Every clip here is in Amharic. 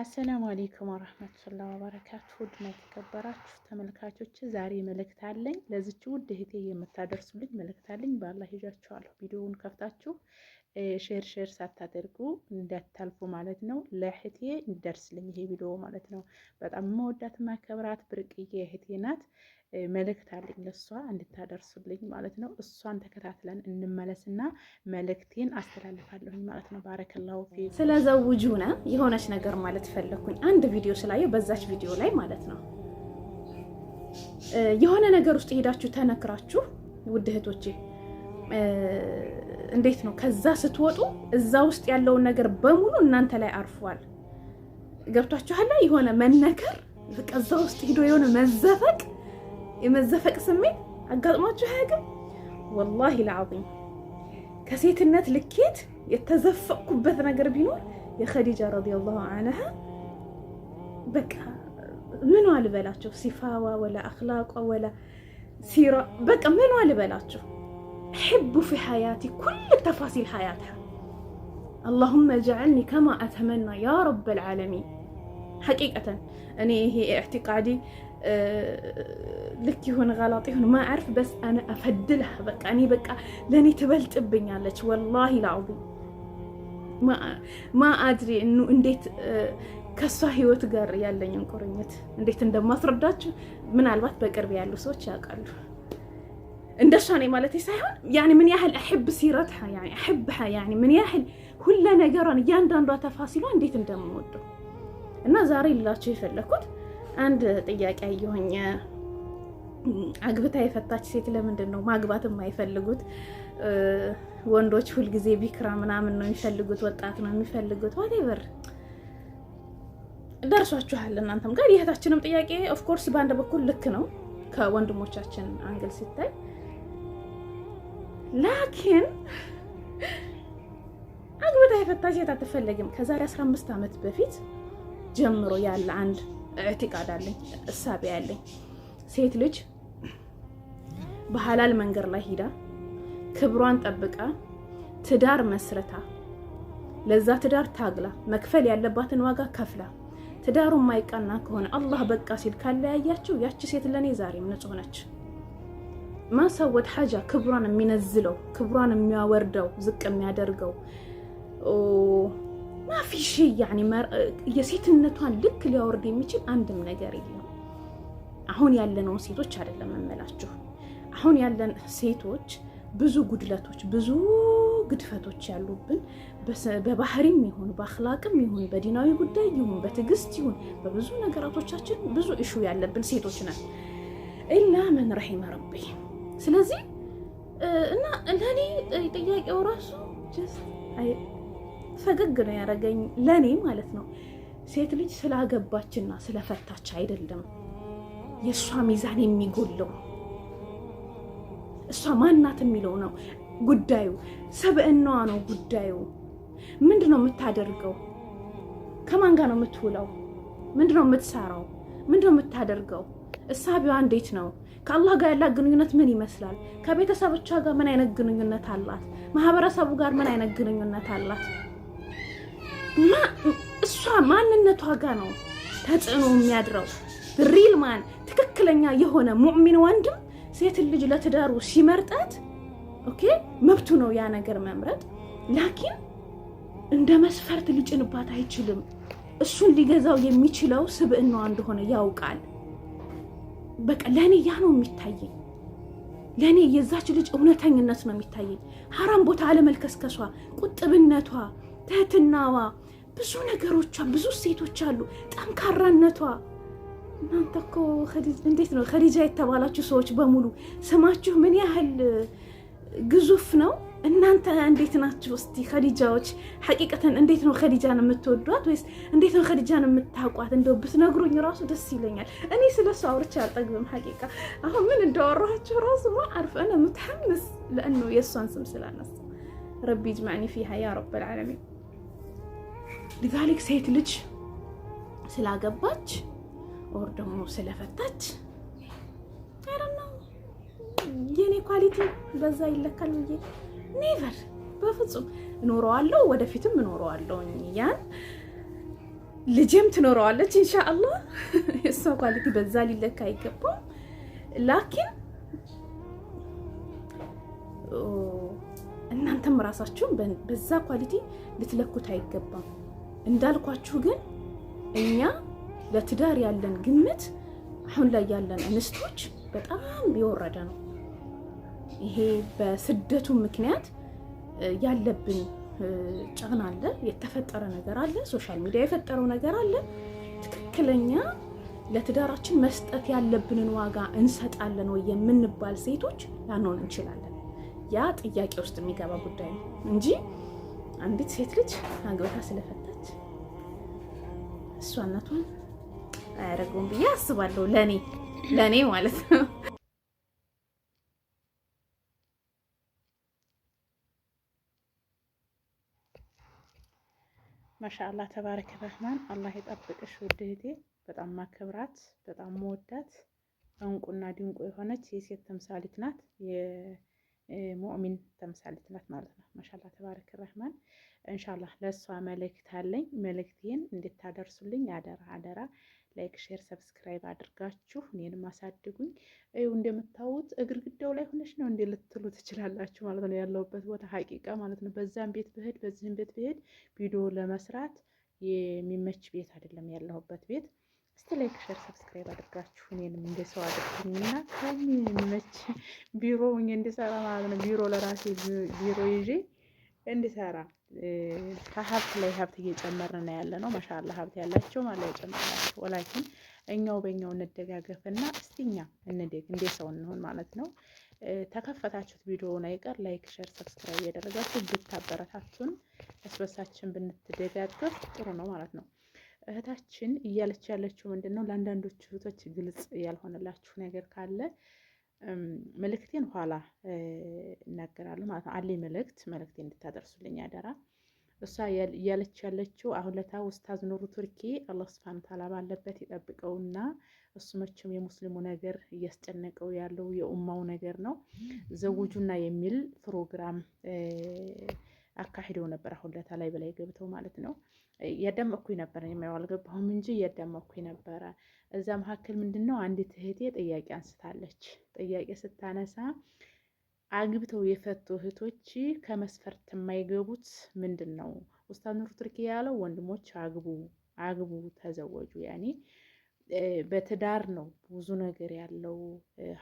አሰላሙ አሌይኩም ወረህመቱላ ወበረካቱ ውድና የተከበራችሁ ተመልካቾች፣ ዛሬ መልእክት አለኝ። ለዚች ውድ እህቴ የምታደርሱልኝ መልእክት አለኝ። ባላ ሂዣችኋለሁ። ቪዲዮውን ከፍታችሁ ሼር ሼር ሳታደርጉ እንዳታልፉ ማለት ነው። ለእህቴ እንደርስልኝ ይሄ ቪዲዮ ማለት ነው። በጣም መወዳት ማከብራት ብርቅዬ እህቴ ናት። መልእክት አለኝ ለእሷ እንድታደርሱልኝ ማለት ነው። እሷን ተከታትለን እንመለስና መልእክቴን አስተላልፋለሁኝ ማለት ነው። ባረከላሁ ዘውጁ ነ የሆነች ነገር ማለት ፈለግኩኝ። አንድ ቪዲዮ ስላየው በዛች ቪዲዮ ላይ ማለት ነው የሆነ ነገር ውስጥ ሄዳችሁ ተነክራችሁ ውድ እህቶቼ እንዴት ነው ከዛ ስትወጡ እዛ ውስጥ ያለውን ነገር በሙሉ እናንተ ላይ አርፏል። ገብቷችኋል? የሆነ መነከር በቃ እዛ ውስጥ ሄዶ የሆነ መዘፈቅ የመዘፈቅ ስሜት አጋጥሟችሁ አያውቅም? ወላሂ ለዓዚም ከሴትነት ልኬት የተዘፈቅኩበት ነገር ቢኖር የኸዲጃ ረዲየላሁ አንሃ በቃ ምኗ ልበላችሁ፣ ሲፋዋ ወላ አኽላቋ ወላ ሲራ በቃ ምኗ ልበላችሁ። ሕቡ ፊ ሓያቲ ኩል ተፋሲል ሓያትሃ አላሁመ ጀዐልኒ ከማ አተመና ያ ረበል ዓለሚን ሐቂቀተን እኔ ይሄ ኢዕቲቃዲ ልክ ይሁን ጋላጥ ይሁን ማዕርፍ በስ አነ አፈድልህ በቃ እኔ በቃ ለእኔ ትበልጥብኛለች። ወላሂ ላአቡ ማ አድሪ እኑ እንዴት ከእሷ ህይወት ጋር ያለኝን ቁርኝት እንዴት እንደማስረዳችሁ ምናልባት በቅርብ ያሉ ሰዎች ያውቃሉ። እንደሷ ነኝ ማለት ሳይሆን ያኔ ምን ያህል አሕብ ሲረትሓ ያኔ አሕብሓ ያኔ ምን ያህል ሁለ ነገሯን እያንዳንዷ ተፋሲሏ እንዴት እንደምወደው እና ዛሬ ልላቸው የፈለኩት አንድ ጥያቄ አየሁኝ። አግብታ የፈታች ሴት ለምንድን ነው ማግባት የማይፈልጉት? ወንዶች ሁልጊዜ ቢክራ ምናምን ነው የሚፈልጉት፣ ወጣት ነው የሚፈልጉት። ዋቴቨር ደርሷችኋል እናንተም ጋር። ይህታችንም ጥያቄ ኦፍኮርስ በአንድ በኩል ልክ ነው ከወንድሞቻችን አንግል ሲታይ፣ ላኪን አግብታ የፈታች ሴት አትፈለግም። ከዛሬ 15 ዓመት በፊት ጀምሮ ያለ አንድ እዕትቃድ አለኝ፣ እሳቤ ያለኝ ሴት ልጅ በሀላል መንገድ ላይ ሂዳ ክብሯን ጠብቃ ትዳር መስረታ ለዛ ትዳር ታግላ መክፈል ያለባትን ዋጋ ከፍላ ትዳሩ የማይቀና ከሆነ አላህ በቃ ሲል ካለያያቸው ያቺ ሴት ለእኔ ዛሬም ንጹህ ነች። ማሳወት ሀጃ ክብሯን የሚነዝለው ክብሯን የሚያወርደው ዝቅ የሚያደርገው ማፊሺ ያኔ የሴትነቷን ልክ ሊያወርድ የሚችል አንድም ነገር የለም። አሁን ያለነውን ሴቶች አይደለም እምላችሁ። አሁን ያለን ሴቶች ብዙ ጉድለቶች፣ ብዙ ግድፈቶች ያሉብን በባህሪም ይሁን በአክላቅም ይሁን በዲናዊ ጉዳይ ይሁን በትዕግስት ይሁን በብዙ ነገራቶቻችን ብዙ እሹ ያለብን ሴቶች ነን። ኢላ መን ረሒመ ረቢ። ስለዚህ እና ለእኔ ጥያቄው ራሱ ፈገግ ነው ያደረገኝ ለእኔ ማለት ነው። ሴት ልጅ ስላገባችና ስለፈታች አይደለም የእሷ ሚዛን የሚጎለው እሷ ማናት የሚለው ነው ጉዳዩ። ሰብእናዋ ነው ጉዳዩ። ምንድን ነው የምታደርገው? ከማን ጋር ነው የምትውለው? ምንድን ነው የምትሰራው? ምንድን ነው የምታደርገው? እሳቢዋ እንዴት ነው? ከአላህ ጋር ያላት ግንኙነት ምን ይመስላል? ከቤተሰቦቿ ጋር ምን አይነት ግንኙነት አላት? ማህበረሰቡ ጋር ምን አይነት ግንኙነት አላት? እሷ ማንነቷ ጋር ነው ተጽዕኖ የሚያድረው። ሪል ማን ትክክለኛ የሆነ ሙዕሚን ወንድም ሴትን ልጅ ለትዳሩ ሲመርጣት ኦኬ መብቱ ነው ያ ነገር መምረጥ። ላኪን እንደ መስፈርት ሊጭንባት አይችልም። እሱን ሊገዛው የሚችለው ስብዕናዋ እንደሆነ ያውቃል። በቃ ለእኔ ያ ነው የሚታየኝ። ለእኔ የዛች ልጅ እውነተኝነት ነው የሚታየኝ። ሀራም ቦታ አለመልከስከሷ፣ ቁጥብነቷ፣ ትህትናዋ ብዙ ነገሮቿ ብዙ ሴቶች አሉ። ጠንካራነቷ እናንተ እኮ እንዴት ነው ከዲጃ የተባላችሁ ሰዎች በሙሉ ስማችሁ ምን ያህል ግዙፍ ነው? እናንተ እንዴት ናችሁ? እስቲ ከዲጃዎች ሐቂቀተን እንዴት ነው ከዲጃን የምትወዷት ወይስ እንዴት ነው ከዲጃን የምታውቋት? እንደው ብትነግሩኝ ራሱ ደስ ይለኛል። እኔ ስለ እሱ አውርቼ አልጠግብም። ሐቂቃ አሁን ምን እንዳወራችሁ ራሱ ማ እነ ምትሐምስ ለእኑ የእሷን ስም ስላነሳ ረቢ ጅማዕኒ ፊሃ ያ ረብ ልዓለሚን ሊዛሊክ ሴት ልጅ ስላገባች ኦር ደግሞ ስለፈታች አይደነው የኔ ኳሊቲ በዛ ይለካል ብዬ ኔቨር በፍጹም እኖረዋለሁ። ወደፊትም እኖረዋለሁ። ያን ልጅም ትኖረዋለች ኢንሻአላህ። የእሷ ኳሊቲ በዛ ሊለካ አይገባም። ላኪን እናንተም ራሳችሁን በዛ ኳሊቲ ልትለኩት አይገባም። እንዳልኳችሁ ግን እኛ ለትዳር ያለን ግምት አሁን ላይ ያለን እንስቶች በጣም የወረደ ነው። ይሄ በስደቱ ምክንያት ያለብን ጫና አለ፣ የተፈጠረ ነገር አለ፣ ሶሻል ሚዲያ የፈጠረው ነገር አለ። ትክክለኛ ለትዳራችን መስጠት ያለብንን ዋጋ እንሰጣለን ወይ የምንባል ሴቶች ላንሆን እንችላለን። ያ ጥያቄ ውስጥ የሚገባ ጉዳይ ነው እንጂ አንዲት ሴት ልጅ አግብታ ስለፈጠ እሷነቱን አያደርገውም ብዬ አስባለሁ። ለኔ ለእኔ ማለት ነው። ማሻአላ ተባረከ ረህማን አላህ የጠብቅሽ ውድ እህቴ። በጣም ማከብራት በጣም መወዳት እንቁና ድንቁ የሆነች የሴት ተምሳሌት ናት። ሙእሚን ተምሳሌት ናት ማለት ነው። ማሻላ ተባረክ ረህማን። እንሻላ ለእሷ መልእክት አለኝ። መልእክቴን እንድታደርሱልኝ አደራ አደራ። ላይክ፣ ሼር፣ ሰብስክራይብ አድርጋችሁ እኔንም አሳድጉኝ። ይኸው እንደምታዩት እግርግዳው ላይ ሆነች ነው እንዴ ልትሉ ትችላላችሁ ማለት ነው። ያለውበት ቦታ ሀቂቃ ማለት ነው። በዛም ቤት ብሄድ በዚህም ቤት ብሄድ ቪዲዮ ለመስራት የሚመች ቤት አይደለም ያለሁበት ቤት እስቲ ላይክ ሸር ሰብስክራይብ አድርጋችሁ እኔንም እንደ ሰው አድርጉኝና ከሚመች ቢሮ ሁኜ እንድሰራ ማለት ነው። ቢሮ ለራሴ ቢሮ ይዤ እንድሰራ ከሀብት ላይ ሀብት እየጨመርን ያለ ነው። ማሻላ ሀብት ያላቸው ማለት ያጨመራቸው። ወላኪን እኛው በእኛው እንደጋገፍና እስቲ እኛ እንደግ እንደ ሰው እንሆን ማለት ነው። ተከፈታችሁት ቪዲዮውን አይቀር ላይክ ሸር ሰብስክራይብ ያደረጋችሁ ብታበረታቱን፣ እስበሳችን ብንትደጋገፍ ጥሩ ነው ማለት ነው። እህታችን እያለች ያለችው ምንድን ነው? ለአንዳንዶቹ እህቶች ግልጽ ያልሆነላችሁ ነገር ካለ መልእክቴን ኋላ እናገራለሁ ማለት ነው። አሌ መልእክት መልእክቴ እንድታደርሱልኝ አደራ። እሷ እያለች ያለችው አሁን ለታ ውስታዝ ኑሩ ቱርኪ አላህ ስብሐነ ተዓላ ባለበት የጠብቀውና እሱ መቼም የሙስሊሙ ነገር እያስጨነቀው ያለው የኡማው ነገር ነው። ዘውጁና የሚል ፕሮግራም አካሂደው ነበር አሁን ለታ ላይ በላይ ገብተው ማለት ነው እያዳመጥኩኝ ነበረ። የማየው አልገባሁም እንጂ እያዳመጥኩኝ ነበረ። እዛ መካከል ምንድን ነው አንዲት እህቴ ጥያቄ አንስታለች። ጥያቄ ስታነሳ አግብተው የፈቱ እህቶች ከመስፈርት የማይገቡት ምንድን ነው? ኡስታዝ ኑሩ ቱርኪ ያለው ወንድሞች አግቡ፣ አግቡ፣ ተዘወጁ። ያኔ በትዳር ነው ብዙ ነገር ያለው፣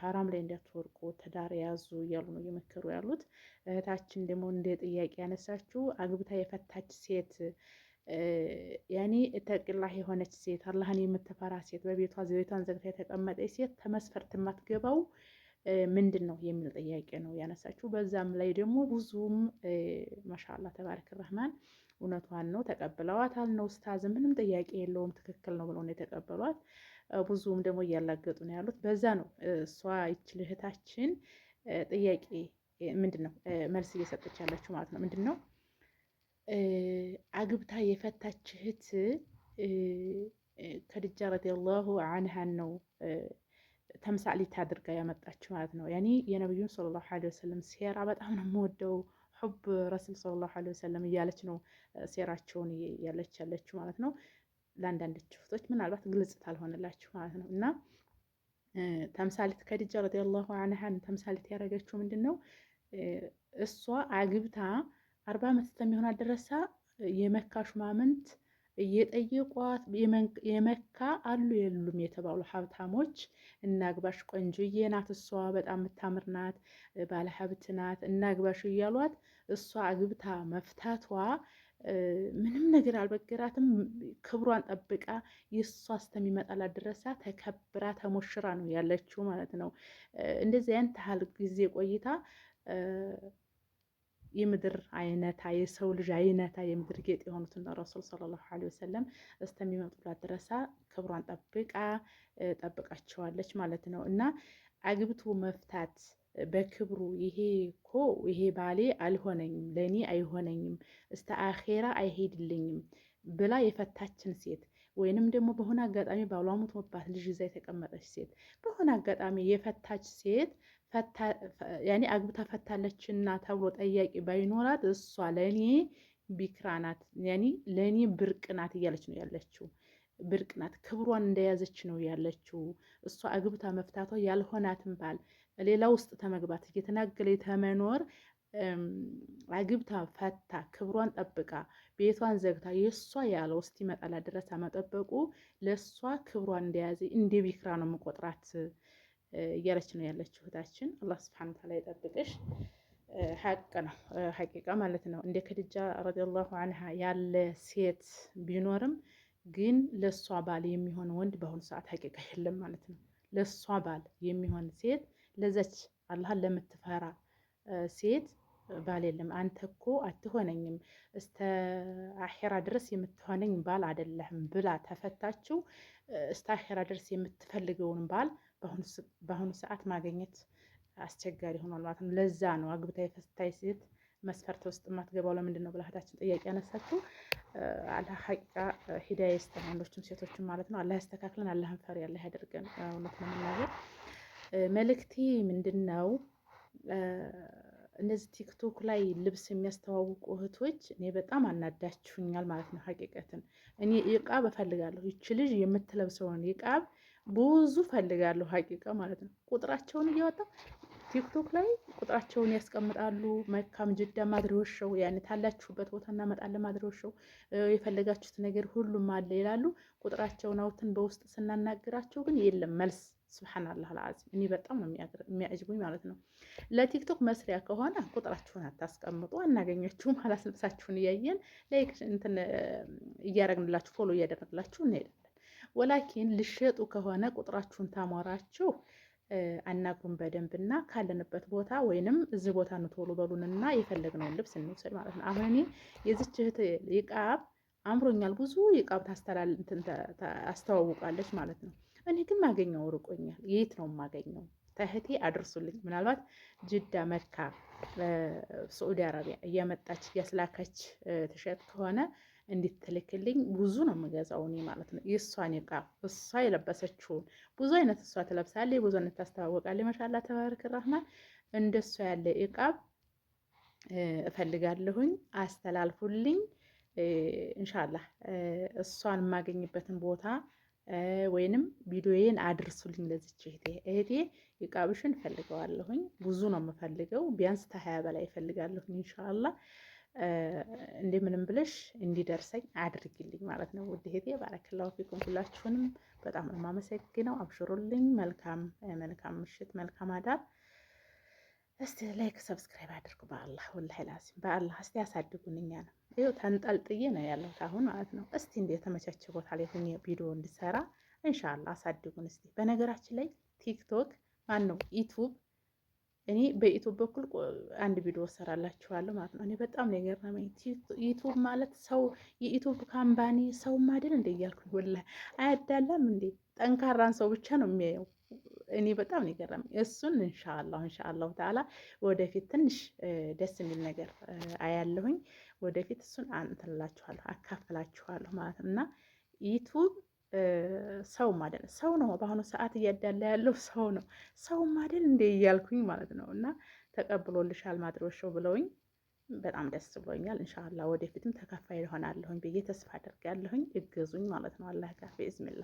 ሀራም ላይ እንዳትወርቁ ትዳር ያዙ እያሉ ነው እየመከሩ ያሉት። እህታችን ደግሞ እንደ ጥያቄ ያነሳችው አግብታ የፈታች ሴት ያኔ ተቅላህ የሆነች ሴት አላህን የምትፈራ ሴት በቤቷ ዘይቷን ዘግታ የተቀመጠች ሴት ከመስፈርት የማትገባው ምንድን ነው የሚል ጥያቄ ነው ያነሳችው። በዛም ላይ ደግሞ ብዙም ማሻላ ተባረክ ረህማን እውነቷን ነው ተቀብለዋታል። ነው ስታዝ ምንም ጥያቄ የለውም ትክክል ነው ብለው ነው የተቀበሏት። ብዙም ደግሞ እያላገጡ ነው ያሉት። በዛ ነው እሷ ይችል እህታችን ጥያቄ ምንድን ነው መልስ እየሰጠች ያለችው ማለት ነው ምንድን ነው አግብታ የፈታች እህት ከድጃ ረዲየላሁ አንሃን ነው ተምሳሌት አድርጋ ያመጣችው ማለት ነው። ያኔ የነቢዩን ሰለላሁ ዐለይሂ ወሰለም ሴራ በጣም ነው የምወደው ሑብ ረሱል ሰለላሁ ዐለይሂ ወሰለም እያለች ነው ሴራቸውን እያለች ያለችው ማለት ነው። ለአንዳንድ ችፍቶች ምናልባት ግልጽ ታልሆነላችሁ ማለት ነው እና ተምሳሌት ከድጃ ረዲየላሁ አንሃን ተምሳሌት ያደረገችው ምንድን ነው እሷ አግብታ አርባ ዓመት እስከሚሆናት ድረሳ የመካ ሹማምንት እየጠየቋት የመካ አሉ የሉም የተባሉ ሀብታሞች እናግባሽ፣ ቆንጆዬ ናት እሷ በጣም የምታምር ናት፣ ባለ ሀብት ናት፣ እናግባሽ እያሏት እሷ አግብታ መፍታቷ ምንም ነገር አልበገራትም። ክብሯን ጠብቃ የእሷ እስከሚመጣላት ድረሳ ተከብራ ተሞሽራ ነው ያለችው ማለት ነው። እንደዚህ አይነት ታህል ጊዜ ቆይታ የምድር አይነታ የሰው ልጅ አይነታ የምድር ጌጥ የሆኑትን ረሱል ሰለላሁ ዐለይሂ ወሰለም እስተሚመጡላት ድረሳ ክብሯን ጠብቃ ጠብቃቸዋለች ማለት ነው። እና አግብቶ መፍታት በክብሩ ይሄ እኮ ይሄ ባሌ አልሆነኝም፣ ለእኔ አይሆነኝም፣ እስተ አኼራ አይሄድልኝም ብላ የፈታችን ሴት ወይንም ደግሞ በሆነ አጋጣሚ ባሏ ሞቶባት ልጅ ይዛ የተቀመጠች ሴት በሆነ አጋጣሚ የፈታች ሴት ያኔ አግብታ ፈታለችና ተብሎ ጠያቂ ባይኖራት እሷ ለእኔ ቢክራ ናት፣ ያኔ ለእኔ ብርቅ ናት እያለች ነው ያለችው። ብርቅ ናት ክብሯን እንደያዘች ነው ያለችው። እሷ አግብታ መፍታቷ ያልሆናትን ባል ሌላ ውስጥ ተመግባት እየተናገለ ተመኖር አግብታ ፈታ ክብሯን ጠብቃ ቤቷን ዘግታ የእሷ ያለው እስኪመጣላት ድረስ መጠበቁ ለእሷ ክብሯን እንደያዘ እንደ ቢክራ ነው መቆጥራት። እያለች ነው ያለችው እህታችን። አላህ ስብሐነ ወተዓላ ይጠብቅሽ። ሀቅ ነው ሀቂቃ ማለት ነው። እንደ ከድጃ ረዲየላሁ አንሃ ያለ ሴት ቢኖርም ግን ለእሷ ባል የሚሆን ወንድ በአሁኑ ሰዓት ሀቂቃ የለም ማለት ነው። ለእሷ ባል የሚሆን ሴት ለዘች አላህን ለምትፈራ ሴት ባል የለም። አንተ እኮ አትሆነኝም እስተ አሄራ ድረስ የምትሆነኝ ባል አይደለህም ብላ ተፈታችው። እስተ አሄራ ድረስ የምትፈልገውን ባል በአሁኑ ሰዓት ማገኘት አስቸጋሪ ሆኗል ማለት ነው። ለዛ ነው አግብታ የፈታይ ሴት መስፈርት ውስጥ የማትገባው ለምንድን ነው ብላ እህታችን ጥያቄ ያነሳችው። አላህ ሂዳ ሂዳያ ወንዶችም ሴቶችም ማለት ነው። አላህ ያስተካክለን፣ አላህን ፈሪ አላህ ያደርገን። እውነት ለመናገር መልእክቴ ምንድን ነው? እነዚህ ቲክቶክ ላይ ልብስ የሚያስተዋውቁ እህቶች እኔ በጣም አናዳችሁኛል ማለት ነው። ሀቂቀትን እኔ ይቃብ እፈልጋለሁ። ይች ልጅ የምትለብሰውን ይቃብ ብዙ ፈልጋለሁ ሀቂቀ ማለት ነው። ቁጥራቸውን እያወጣ ቲክቶክ ላይ ቁጥራቸውን ያስቀምጣሉ። መካም፣ ጅዳ ማድሬዎች ሸው ያን ታላችሁበት ቦታ እናመጣለን። ማድሬዎች ሸው የፈለጋችሁት ነገር ሁሉም አለ ይላሉ። ቁጥራቸውን አውትን በውስጥ ስናናግራቸው ግን የለም መልስ ስብሓናላህ ልዓዚም እኔ በጣም ነው የሚያጅቡኝ ማለት ነው። ለቲክቶክ መስሪያ ከሆነ ቁጥራችሁን አታስቀምጡ፣ አናገኛችሁም። አላስልብሳችሁን እያየን ላይክ እንትን እያደረግንላችሁ ፎሎ እያደረግላችሁ እንሄዳለን። ወላኪን ልሸጡ ከሆነ ቁጥራችሁን ታሟራችሁ አናግሩን በደንብና ካለንበት ቦታ ወይንም እዚህ ቦታ ነው በሉንና የፈለግነውን ልብስ እንውሰድ ማለት ነው። አሁን እኔ የዚች እህት ይቃብ አምሮኛል። ብዙ ይቃብ አስተዋውቃለች ማለት ነው። እኔ ግን ማገኘው ርቆኛል። የት ነው የማገኘው? ተህቴ አድርሱልኝ። ምናልባት ጅዳ፣ መካ፣ ሰዑዲ አረቢያ እያመጣች እያስላከች ትሸጥ ከሆነ እንድትልክልኝ ብዙ ነው የምገዛው እኔ ማለት ነው። የእሷን ዕቃ እሷ የለበሰችውን ብዙ አይነት እሷ ትለብሳለች፣ ብዙ አይነት ታስተዋወቃለች። ማሻላ ተባረክ ራህማን። እንደሷ ያለ እቃ እፈልጋለሁኝ። አስተላልፉልኝ። እንሻላ እሷን የማገኝበትን ቦታ ወይንም ቪዲዮዬን አድርሱልኝ ለዚች እህቴ። እህቴ የቃብሽን ፈልገዋለሁኝ። ብዙ ነው የምፈልገው፣ ቢያንስ ተሀያ በላይ እፈልጋለሁ። እንሻላ እንደ ምንም ብለሽ እንዲደርሰኝ አድርግልኝ ማለት ነው። ውድ እህቴ ባረክላሁ ፊኩም። ሁላችሁንም በጣም ነው የማመሰግነው። አብሽሩልኝ። መልካም መልካም ምሽት፣ መልካም አዳር። እስቲ ላይክ ሰብስክራይብ አድርጉ። በአላህ ወላሂ ላዚም በአላህ እስቲ ያሳድጉን እኛ ነው ይኸው ተንጠልጥዬ ነው ያለሁት አሁን ማለት ነው። እስቲ እንደ የተመቻቸ ቦታ ላይ ሁኜ ቪዲዮ እንድሰራ እንሻላ አሳድጉን እስቲ። በነገራችን ላይ ቲክቶክ ማን ነው ዩቱብ እኔ በዩቱብ በኩል አንድ ቪዲዮ ሰራላችኋለሁ ማለት ነው። እኔ በጣም ነው የገረመኝ ዩቱብ ማለት ሰው የዩቱብ ካምፓኒ ሰው ማድን እንደ እያልኩኝ ወላሂ አያዳላም እንዴ? ጠንካራን ሰው ብቻ ነው የሚያየው እኔ በጣም ነው እሱን እንሻአላሁ እንሻአላሁ ተዓላ ወደፊት ትንሽ ደስ የሚል ነገር አያለሁኝ። ወደፊት እሱን አንትንላችኋለሁ አካፍላችኋለሁ ማለት ነው እና ዩቱብ ሰው ማደል ሰው ነው። በአሁኑ ሰዓት እያዳላ ያለው ሰው ነው። ሰው ማደል እንደ እያልኩኝ ማለት ነው እና ተቀብሎልሻል ማድረሻው ብለውኝ በጣም ደስ ብሎኛል። እንሻላ ወደፊትም ተካፋይ ሆናለሁኝ ብዬ ተስፋ አድርጋለሁኝ። እገዙኝ ማለት ነው። አላህ ጋር ብዝምላ